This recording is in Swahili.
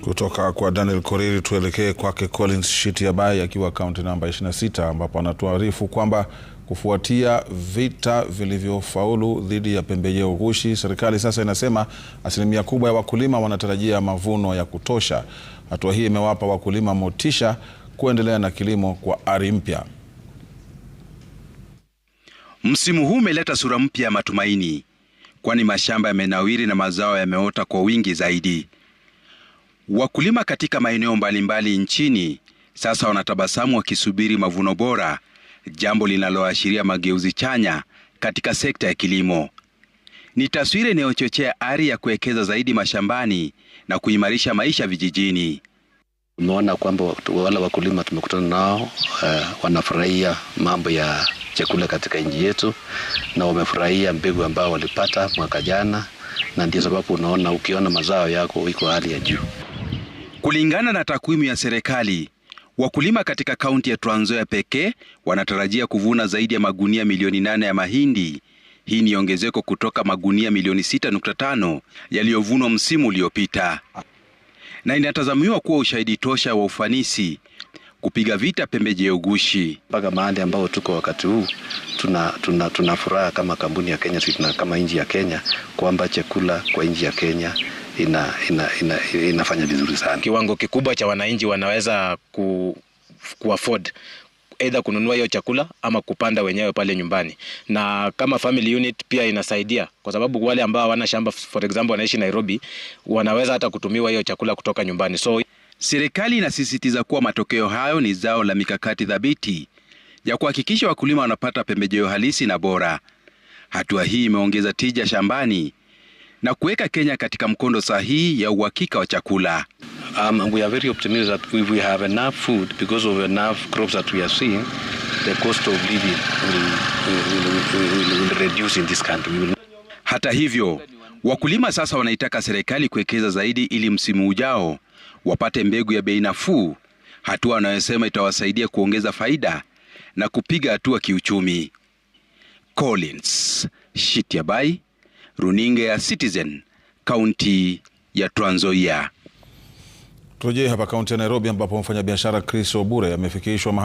Kutoka kwa Daniel Koriri tuelekee kwake Collins Shitiabai akiwa kaunti namba 26 ambapo anatuarifu kwamba kufuatia vita vilivyofaulu dhidi ya pembejeo ghushi, serikali sasa inasema asilimia kubwa ya wakulima wanatarajia mavuno ya kutosha. Hatua hii imewapa wakulima motisha kuendelea na kilimo kwa ari mpya. Msimu huu umeleta sura mpya ya matumaini kwani mashamba yamenawiri na mazao yameota kwa wingi zaidi. Wakulima katika maeneo mbalimbali nchini sasa wanatabasamu wakisubiri mavuno bora, jambo linaloashiria mageuzi chanya katika sekta ya kilimo. Ni taswira inayochochea ari ya kuwekeza zaidi mashambani na kuimarisha maisha vijijini. Tumeona kwamba wale wakulima tumekutana nao uh, wanafurahia mambo ya chakula katika nchi yetu, na wamefurahia mbegu ambao walipata mwaka jana, na ndio sababu unaona ukiona mazao yako iko hali ya juu. Kulingana na takwimu ya serikali, wakulima katika kaunti ya Trans Nzoia pekee wanatarajia kuvuna zaidi ya magunia milioni nane ya mahindi. Hii ni ongezeko kutoka magunia milioni 6.5 yaliyovunwa msimu uliopita, na inatazamiwa kuwa ushahidi tosha wa ufanisi kupiga vita pembejeo ghushi. Mpaka mahali ambao tuko wakati huu tuna, tuna, tuna furaha kama kampuni ya Kenya tuna, kama nchi ya Kenya kwamba chakula kwa nchi ya Kenya ina, ina, ina, ina, inafanya vizuri sana. Kiwango kikubwa cha wananchi wanaweza ku, ku afford aidha kununua hiyo chakula ama kupanda wenyewe pale nyumbani, na kama family unit pia inasaidia, kwa sababu wale ambao hawana shamba for example, wanaishi Nairobi, wanaweza hata kutumiwa hiyo chakula kutoka nyumbani. So serikali inasisitiza kuwa matokeo hayo ni zao la mikakati thabiti ya kuhakikisha wakulima wanapata pembejeo halisi na bora. Hatua hii imeongeza tija shambani na kuweka Kenya katika mkondo sahihi ya uhakika wa chakula. Um, we are very optimistic that if we have enough food because of enough crops that we are seeing, the cost of living will, will, will, will reduce in this country. Will... Hata hivyo, wakulima sasa wanaitaka serikali kuwekeza zaidi ili msimu ujao wapate mbegu ya bei nafuu, hatua wanayosema itawasaidia kuongeza faida na kupiga hatua kiuchumi. Collins Shitiabai, runinga ya Citizen, kaunti ya Trans Nzoia. Turejee hapa kaunti ya Nairobi ambapo mfanyabiashara Chris Obure amefikishwa mahakamani